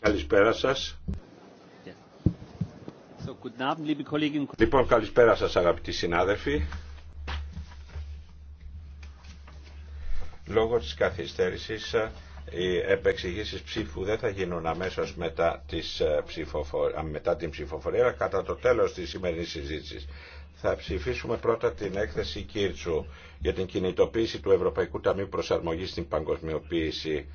Καλησπέρα σας. Λοιπόν, καλησπέρα σας αγαπητοί συνάδελφοι. Λόγω της καθυστέρησης οι επεξηγήσεις ψήφου δεν θα γίνουν αμέσως μετά, ε, μετά την ψηφοφορία, αλλά κατά το τέλος της σημερινής συζήτησης θα ψηφίσουμε πρώτα την έκθεση Κίρτσου για την κινητοποίηση του Ευρωπαϊκού Ταμείου Προσαρμογής στην Παγκοσμιοποίηση.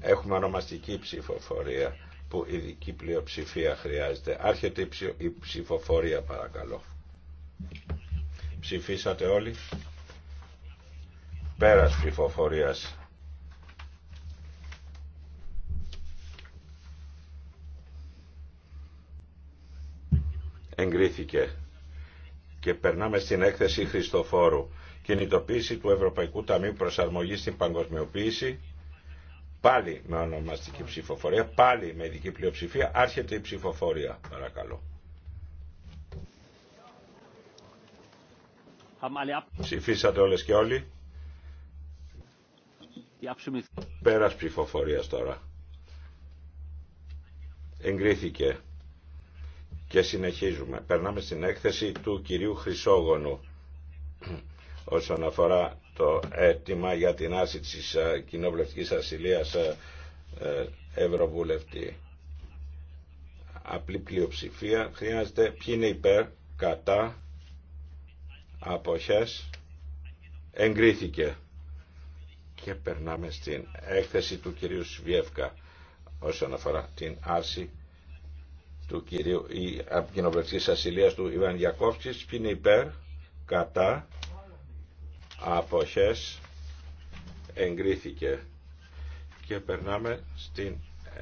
Έχουμε ονομαστική ψηφοφορία που ειδική πλειοψηφία χρειάζεται. Άρχεται η ψηφοφορία παρακαλώ. Ψηφίσατε όλοι. Πέρας ψηφοφορίας εγκρίθηκε. Και περνάμε στην έκθεση Χριστοφόρου. Κινητοποίηση του Ευρωπαϊκού Ταμείου Προσαρμογής στην Παγκοσμιοποίηση. Πάλι με ονομαστική ψηφοφορία, πάλι με ειδική πλειοψηφία. Άρχεται η ψηφοφορία, παρακαλώ. Ψηφίσατε όλες και όλοι. Πέρας ψηφοφορίας τώρα. Εγκρίθηκε. Και συνεχίζουμε. Περνάμε στην έκθεση του κυρίου Χρυσόγονου όσον αφορά το αίτημα για την άρση της ε, κοινοβουλευτικής ασυλίας ε, ε, Ευρωβουλευτή. Απλή πλειοψηφία χρειάζεται. Ποιοι είναι υπέρ, κατά, αποχές, εγκρίθηκε. Και περνάμε στην έκθεση του κυρίου Σβιεύκα όσον αφορά την άρση του κυρίου ή από του Ιβάν Γιακόφτη, ποιοι υπέρ, κατά αποχές εγκρίθηκε και περνάμε στην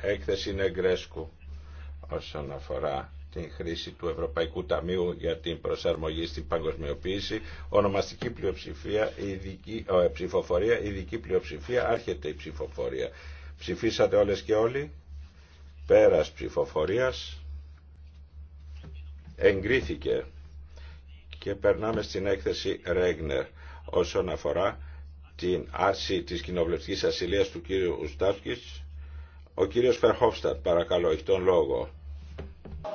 έκθεση Νεγκρέσκου όσον αφορά την χρήση του Ευρωπαϊκού Ταμείου για την προσαρμογή στην παγκοσμιοποίηση, ονομαστική πλειοψηφία, ειδική, ο, ε, ψηφοφορία, ειδική πλειοψηφία, άρχεται η ψηφοφορία. Ψηφίσατε όλες και όλοι, πέρας ψηφοφορίας, εγκρίθηκε και περνάμε στην έκθεση Ρέγνερ όσον αφορά την άρση της κοινοβουλευτικής ασυλίας του κύριου Ουστάσκης. Ο κύριος Φερχόφστατ παρακαλώ έχει τον λόγο. Uh,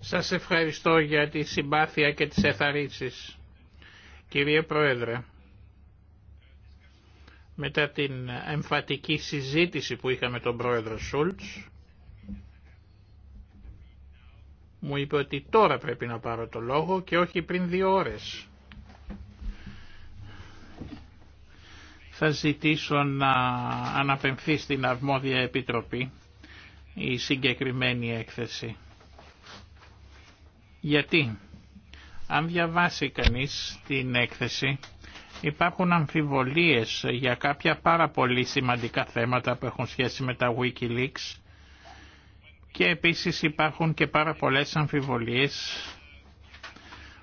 Σας ευχαριστώ για τη συμπάθεια και τις εθαρρύνσεις. Κύριε Πρόεδρε, μετά την εμφατική συζήτηση που είχαμε με τον πρόεδρο Σούλτς, μου είπε ότι τώρα πρέπει να πάρω το λόγο και όχι πριν δύο ώρες. Θα ζητήσω να αναπεμφθεί στην αρμόδια επιτροπή η συγκεκριμένη έκθεση. Γιατί, αν διαβάσει κανείς την έκθεση, Υπάρχουν αμφιβολίες για κάποια πάρα πολύ σημαντικά θέματα που έχουν σχέση με τα Wikileaks και επίσης υπάρχουν και πάρα πολλές αμφιβολίες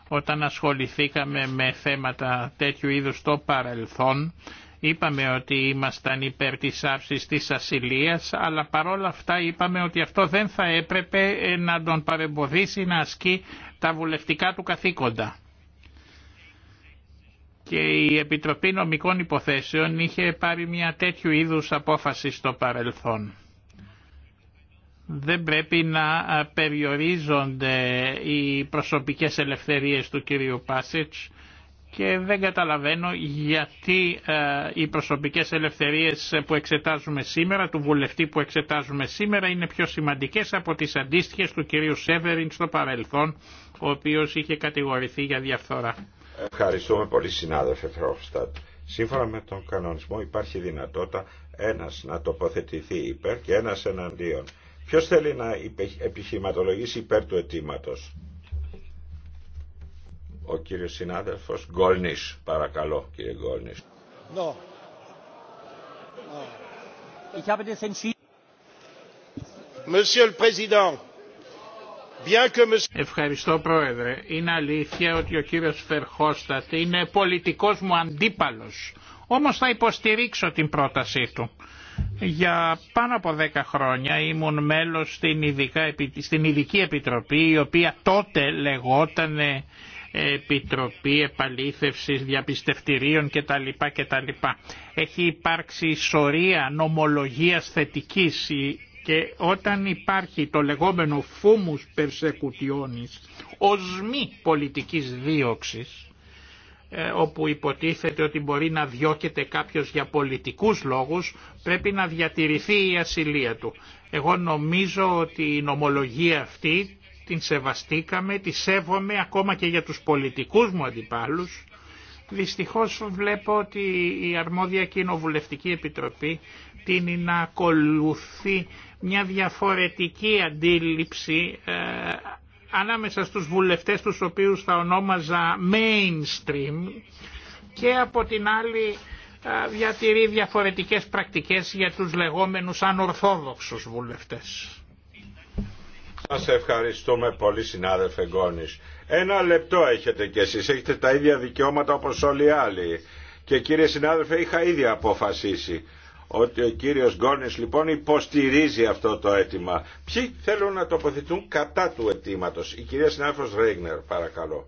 όταν ασχοληθήκαμε με θέματα τέτοιου είδους στο παρελθόν είπαμε ότι ήμασταν υπέρ της άψης της ασυλίας αλλά παρόλα αυτά είπαμε ότι αυτό δεν θα έπρεπε να τον παρεμποδίσει να ασκεί τα βουλευτικά του καθήκοντα και η Επιτροπή Νομικών Υποθέσεων είχε πάρει μια τέτοιου είδους απόφαση στο παρελθόν. Δεν πρέπει να περιορίζονται οι προσωπικές ελευθερίες του κυρίου Πάσιτς και δεν καταλαβαίνω γιατί ε, οι προσωπικές ελευθερίες που εξετάζουμε σήμερα, του βουλευτή που εξετάζουμε σήμερα, είναι πιο σημαντικές από τις αντίστοιχες του κυρίου Σέβεριν στο παρελθόν, ο οποίος είχε κατηγορηθεί για διαφθορά. Ευχαριστούμε πολύ συνάδελφε Φρόφστατ. Σύμφωνα με τον κανονισμό υπάρχει δυνατότητα ένας να τοποθετηθεί υπέρ και ένας εναντίον. Ποιος θέλει να επιχειρηματολογήσει υπέρ του αιτήματο. Ο κύριος συνάδελφος Γκόλνης. Παρακαλώ κύριε Γκόλνης. No. Ich Ευχαριστώ Πρόεδρε. Είναι αλήθεια ότι ο κύριος Φερχώστατ είναι πολιτικός μου αντίπαλος. Όμως θα υποστηρίξω την πρότασή του. Για πάνω από δέκα χρόνια ήμουν μέλος στην, ειδικά, Ειδική Επιτροπή η οποία τότε λεγόταν Επιτροπή Επαλήθευσης Διαπιστευτηρίων κτλ. κτλ. Έχει υπάρξει σωρία νομολογίας θετικής και όταν υπάρχει το λεγόμενο φούμους περσεκουτιώνης ως μη πολιτικής δίωξης ε, όπου υποτίθεται ότι μπορεί να διώκεται κάποιος για πολιτικούς λόγους πρέπει να διατηρηθεί η ασυλία του. Εγώ νομίζω ότι η νομολογία αυτή την σεβαστήκαμε, τη σέβομαι ακόμα και για τους πολιτικούς μου αντιπάλους. Δυστυχώς βλέπω ότι η αρμόδια κοινοβουλευτική επιτροπή τίνει να ακολουθεί μια διαφορετική αντίληψη ε, ανάμεσα στους βουλευτές τους οποίους θα ονόμαζα mainstream και από την άλλη ε, διατηρεί διαφορετικές πρακτικές για τους λεγόμενους ανορθόδοξους βουλευτές. Σας ευχαριστούμε πολύ συνάδελφε Γκόνης. Ένα λεπτό έχετε κι εσείς, έχετε τα ίδια δικαιώματα όπως όλοι οι άλλοι. Και κύριε συνάδελφε είχα ήδη αποφασίσει ότι ο κύριος Γκόνης λοιπόν υποστηρίζει αυτό το αίτημα. Ποιοι θέλουν να τοποθετούν κατά του αιτήματο. Η κυρία συνάδελφος Ρέγνερ παρακαλώ.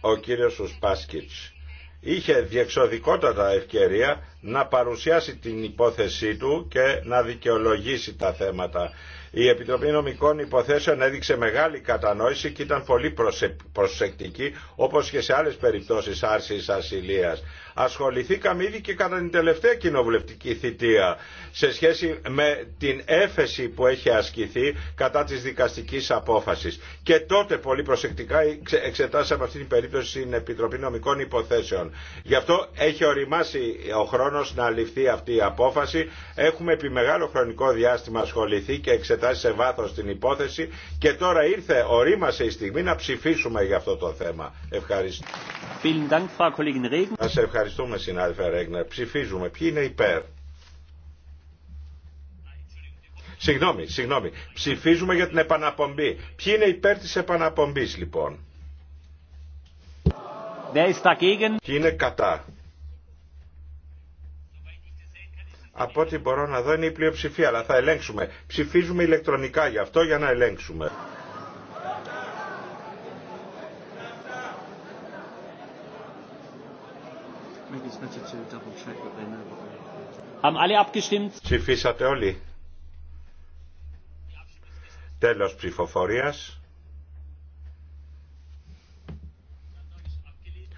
Ο κύριος Ουσπάσκιτς είχε διεξοδικότατα ευκαιρία να παρουσιάσει την υπόθεσή του και να δικαιολογήσει τα θέματα. Η Επιτροπή Νομικών Υποθέσεων έδειξε μεγάλη κατανόηση και ήταν πολύ προσεκτική όπως και σε άλλες περιπτώσεις άρσης ασυλίας ασχοληθήκαμε ήδη και κατά την τελευταία κοινοβουλευτική θητεία σε σχέση με την έφεση που έχει ασκηθεί κατά της δικαστικής απόφασης. Και τότε πολύ προσεκτικά εξετάσαμε αυτή την περίπτωση στην Επιτροπή Νομικών Υποθέσεων. Γι' αυτό έχει οριμάσει ο χρόνος να ληφθεί αυτή η απόφαση. Έχουμε επί μεγάλο χρονικό διάστημα ασχοληθεί και εξετάσει σε βάθος την υπόθεση και τώρα ήρθε, ορίμασε η στιγμή να ψηφίσουμε για αυτό το θέμα. ευχαριστώ. Ευχαριστούμε συνάδελφε Ρέγνερ. Ψηφίζουμε. Ποιοι είναι υπέρ. Συγγνώμη, συγγνώμη. Ψηφίζουμε για την επαναπομπή. Ποιοι είναι υπέρ της επαναπομπής λοιπόν. Ποιοι είναι κατά. Από ό,τι μπορώ να δω είναι η πλειοψηφία, αλλά θα ελέγξουμε. Ψηφίζουμε ηλεκτρονικά γι' αυτό για να ελέγξουμε. Ψηφίσατε όλοι. Τέλος ψηφοφορίας.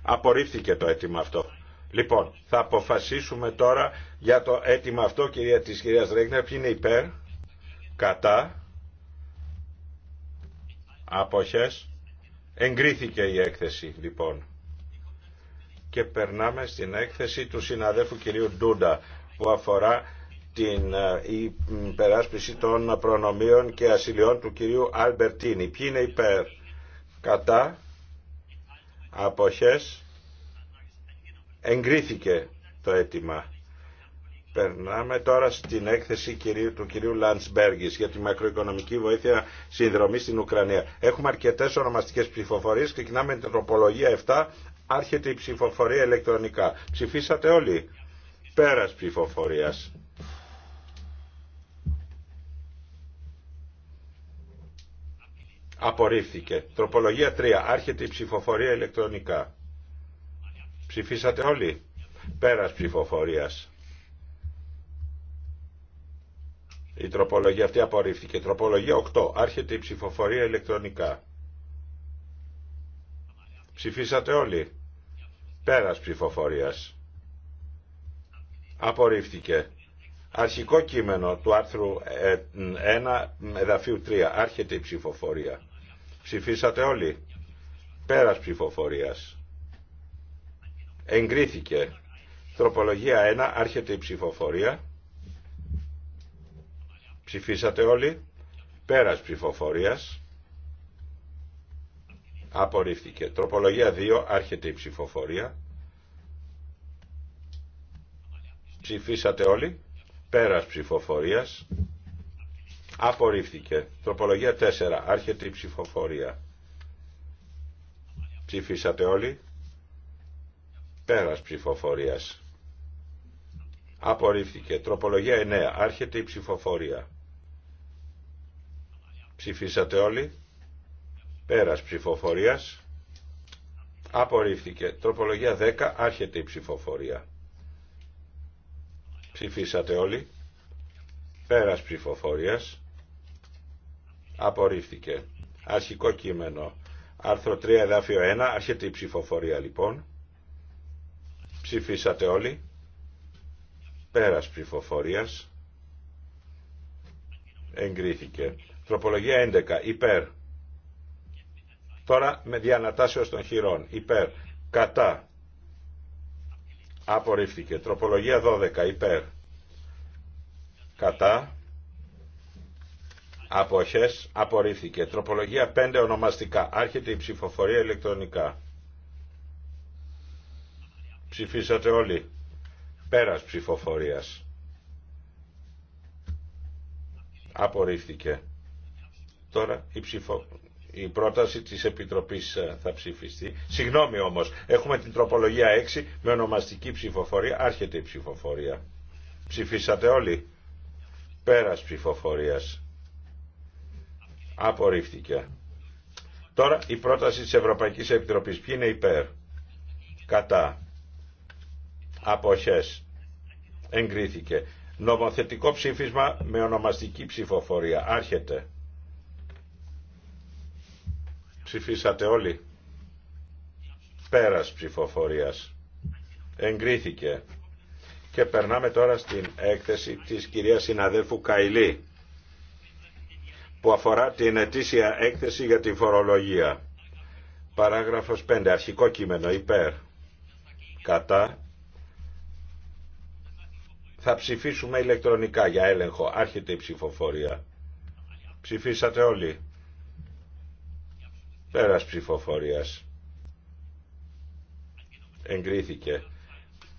Απορρίφθηκε το αίτημα αυτό. Λοιπόν, θα αποφασίσουμε τώρα για το αίτημα αυτό κυρία, της κυρίας Ρέγνερ. Ποιοι είναι υπέρ, κατά, αποχές. Εγκρίθηκε η έκθεση λοιπόν και περνάμε στην έκθεση του συναδέλφου κυρίου Ντούντα που αφορά την ε, η των προνομίων και ασυλιών του κυρίου Αλμπερτίνη. Ποιοι είναι υπέρ, κατά, αποχές, εγκρίθηκε το αίτημα. Περνάμε τώρα στην έκθεση του κυρίου Λαντσμπέργη για τη μακροοικονομική βοήθεια συνδρομή στην Ουκρανία. Έχουμε αρκετέ ονομαστικέ ψηφοφορίε. Ξεκινάμε με την τροπολογία 7. Άρχεται η ψηφοφορία ηλεκτρονικά. Ψηφίσατε όλοι. Πέρας ψηφοφορίας. Απορρίφθηκε. Τροπολογία 3. Άρχεται η ψηφοφορία ηλεκτρονικά. Ψηφίσατε όλοι. Πέρας ψηφοφορίας. Η τροπολογία αυτή απορρίφθηκε. Τροπολογία 8. Άρχεται η ψηφοφορία ηλεκτρονικά. Ψηφίσατε όλοι. Πέρας ψηφοφορίας. Απορρίφθηκε. Αρχικό κείμενο του άρθρου 1 ε, εδαφίου 3. Άρχεται η ψηφοφορία. Ψηφίσατε όλοι. Πέρας ψηφοφορίας. Εγκρίθηκε. Τροπολογία 1. Άρχεται η ψηφοφορία. Ψηφίσατε όλοι. Πέρας ψηφοφορίας. Απορρίφθηκε. Τροπολογία 2. Άρχεται η ψηφοφορία. Ψηφίσατε όλοι. Πέρας ψηφοφορίας. Απορρίφθηκε. Τροπολογία 4. Άρχεται η ψηφοφορία. Ψηφίσατε όλοι. Πέρας ψηφοφορίας. Απορρίφθηκε. Τροπολογία 9. Άρχεται η ψηφοφορία. Ψηφίσατε όλοι. Πέρας ψηφοφορίας. Απορρίφθηκε. Τροπολογία 10. Άρχεται η ψηφοφορία. Ψηφίσατε όλοι. Πέρας ψηφοφορίας. Απορρίφθηκε. Αρχικό κείμενο. Άρθρο 3 εδάφιο 1. Άρχεται η ψηφοφορία λοιπόν. Ψηφίσατε όλοι. Πέρας ψηφοφορίας. Εγκρίθηκε. Τροπολογία 11. Υπέρ. Τώρα με διανατάσεως των χειρών. Υπέρ. Κατά. Απορρίφθηκε. Τροπολογία 12. Υπέρ. Κατά. Αποχές. Απορρίφθηκε. Τροπολογία 5 ονομαστικά. Άρχεται η ψηφοφορία ηλεκτρονικά. Ψηφίσατε όλοι. Πέρας ψηφοφορίας. Απορρίφθηκε. Τώρα η ψηφο η πρόταση της Επιτροπής ε, θα ψηφιστεί. Συγγνώμη όμως, έχουμε την τροπολογία 6 με ονομαστική ψηφοφορία. Άρχεται η ψηφοφορία. Ψηφίσατε όλοι. Πέρας ψηφοφορίας. Απορρίφθηκε. Τώρα η πρόταση της Ευρωπαϊκής Επιτροπής. Ποιοι είναι υπέρ. Κατά. Αποχές. Εγκρίθηκε. Νομοθετικό ψήφισμα με ονομαστική ψηφοφορία. Άρχεται. Ψηφίσατε όλοι. Πέρας ψηφοφορίας. Εγκρίθηκε. Και περνάμε τώρα στην έκθεση της κυρίας συναδέλφου Καϊλή που αφορά την ετήσια έκθεση για την φορολογία. Παράγραφος 5. Αρχικό κείμενο. Υπέρ. Κατά. Θα ψηφίσουμε ηλεκτρονικά για έλεγχο. Άρχεται η ψηφοφορία. Ψηφίσατε όλοι. Πέρας ψηφοφορίας. Εγκρίθηκε.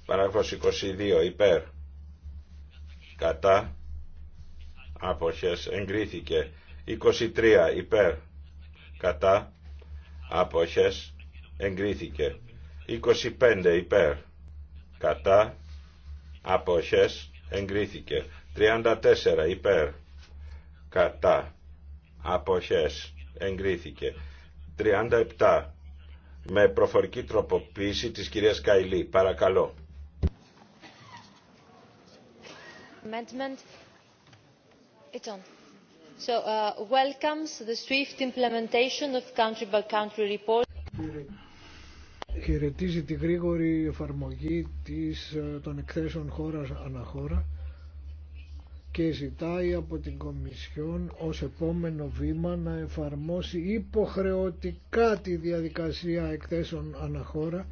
Παράγραφος 22. Υπέρ. Κατά. Αποχές. Εγκρίθηκε. 23. Υπέρ. Κατά. Αποχές. Εγκρίθηκε. 25. Υπέρ. Κατά. Αποχές. Εγκρίθηκε. 34. Υπέρ. Κατά. Αποχές. Εγκρίθηκε. 37 με προφορική τροποποίηση της κυρίας Καϊλή. Παρακαλώ. Amendment. It's on. So, uh, welcomes the swift implementation of country by country report. Χαιρετίζει τη γρήγορη εφαρμογή της, ε, των εκθέσεων χώρα ανά χώρα και ζητάει από την Κομισιόν ως επόμενο βήμα να εφαρμόσει υποχρεωτικά τη διαδικασία εκθέσεων αναχώρα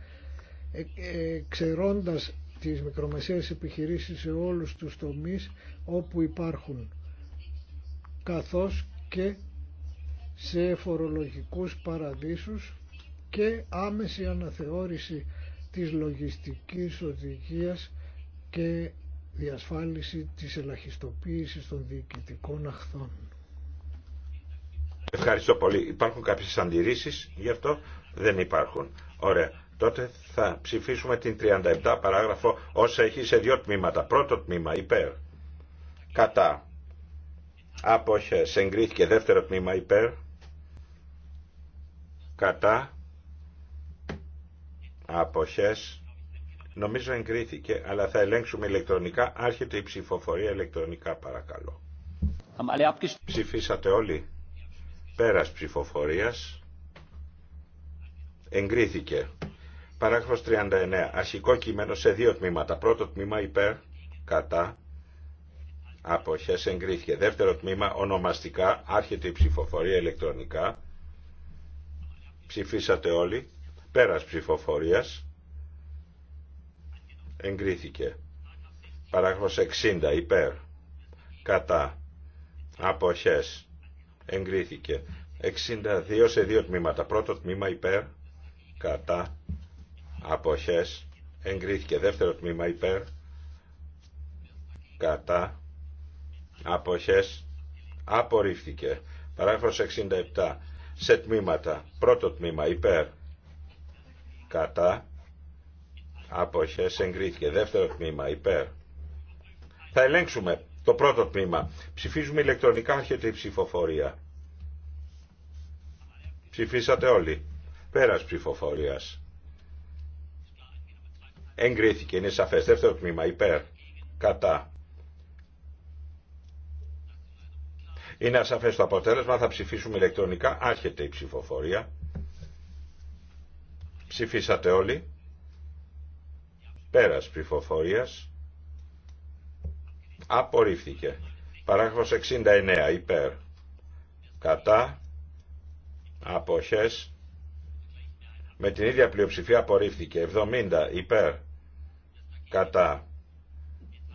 ε, ε, ξερώντας τις μικρομεσαίες επιχειρήσεις σε όλους τους τομείς όπου υπάρχουν καθώς και σε φορολογικούς παραδείσους και άμεση αναθεώρηση της λογιστικής οδηγίας και διασφάλιση της ελαχιστοποίησης των διοικητικών αχθών. Ευχαριστώ πολύ. Υπάρχουν κάποιες αντιρρήσεις, γι' αυτό δεν υπάρχουν. Ωραία. Τότε θα ψηφίσουμε την 37 παράγραφο όσα έχει σε δύο τμήματα. Πρώτο τμήμα υπέρ. Κατά. άποχε. Εγκρίθηκε δεύτερο τμήμα υπέρ. Κατά. Απόχες Νομίζω εγκρίθηκε, αλλά θα ελέγξουμε ηλεκτρονικά. Άρχεται η ψηφοφορία ηλεκτρονικά, παρακαλώ. Ψηφίσατε όλοι. Πέρας ψηφοφορίας. Εγκρίθηκε. Παράγραφος 39. Αρχικό κείμενο σε δύο τμήματα. Πρώτο τμήμα υπέρ, κατά, αποχές εγκρίθηκε. Δεύτερο τμήμα ονομαστικά. Άρχεται η ψηφοφορία ηλεκτρονικά. Ψηφίσατε όλοι. Πέρας ψηφοφορίας εγκρίθηκε. Παράγραφος 60 υπέρ κατά αποχές εγκρίθηκε. 62 σε δύο τμήματα. Πρώτο τμήμα υπέρ κατά αποχές εγκρίθηκε. Δεύτερο τμήμα υπέρ κατά αποχές απορρίφθηκε. Παράγραφος 67 σε τμήματα. Πρώτο τμήμα υπέρ κατά αποχές εγκρίθηκε. Δεύτερο τμήμα υπέρ. Θα ελέγξουμε το πρώτο τμήμα. Ψηφίζουμε ηλεκτρονικά έρχεται η ψηφοφορία. Ψηφίσατε όλοι. Πέρας ψηφοφορίας. Εγκρίθηκε, είναι σαφές. Δεύτερο τμήμα υπέρ. Κατά. Είναι ασαφέ το αποτέλεσμα, θα ψηφίσουμε ηλεκτρονικά. Άρχεται η ψηφοφορία. Ψηφίσατε όλοι. Πέρας ψηφοφορίας. Απορρίφθηκε. Παράγραφος 69 υπέρ. Κατά. Αποχές. Με την ίδια πλειοψηφία απορρίφθηκε. 70 υπέρ. Κατά.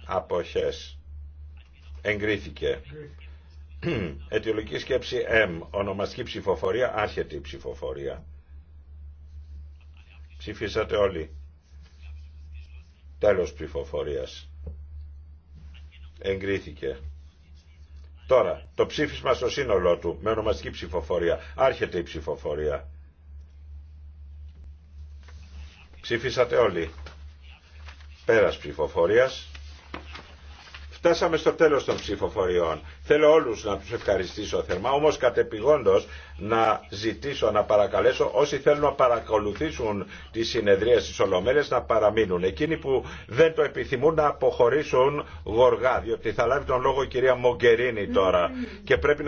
Αποχές. Εγκρίθηκε. Αιτιολογική σκέψη M. Ονομαστική ψηφοφορία. Άρχεται η ψηφοφορία. Ψηφίσατε όλοι. Τέλος ψηφοφορίας. Εγκρίθηκε. Τώρα, το ψήφισμα στο σύνολό του, με ονομαστική ψηφοφορία. Άρχεται η ψηφοφορία. Ψήφισατε όλοι. Πέρας ψηφοφορίας. Φτάσαμε στο τέλος των ψηφοφοριών. Θέλω όλους να τους ευχαριστήσω θερμά, όμως κατεπηγόντως να ζητήσω, να παρακαλέσω όσοι θέλουν να παρακολουθήσουν τη συνεδρία στις Ολομέλειες να παραμείνουν. Εκείνοι που δεν το επιθυμούν να αποχωρήσουν γοργά, διότι θα λάβει τον λόγο η κυρία Μογκερίνη τώρα και πρέπει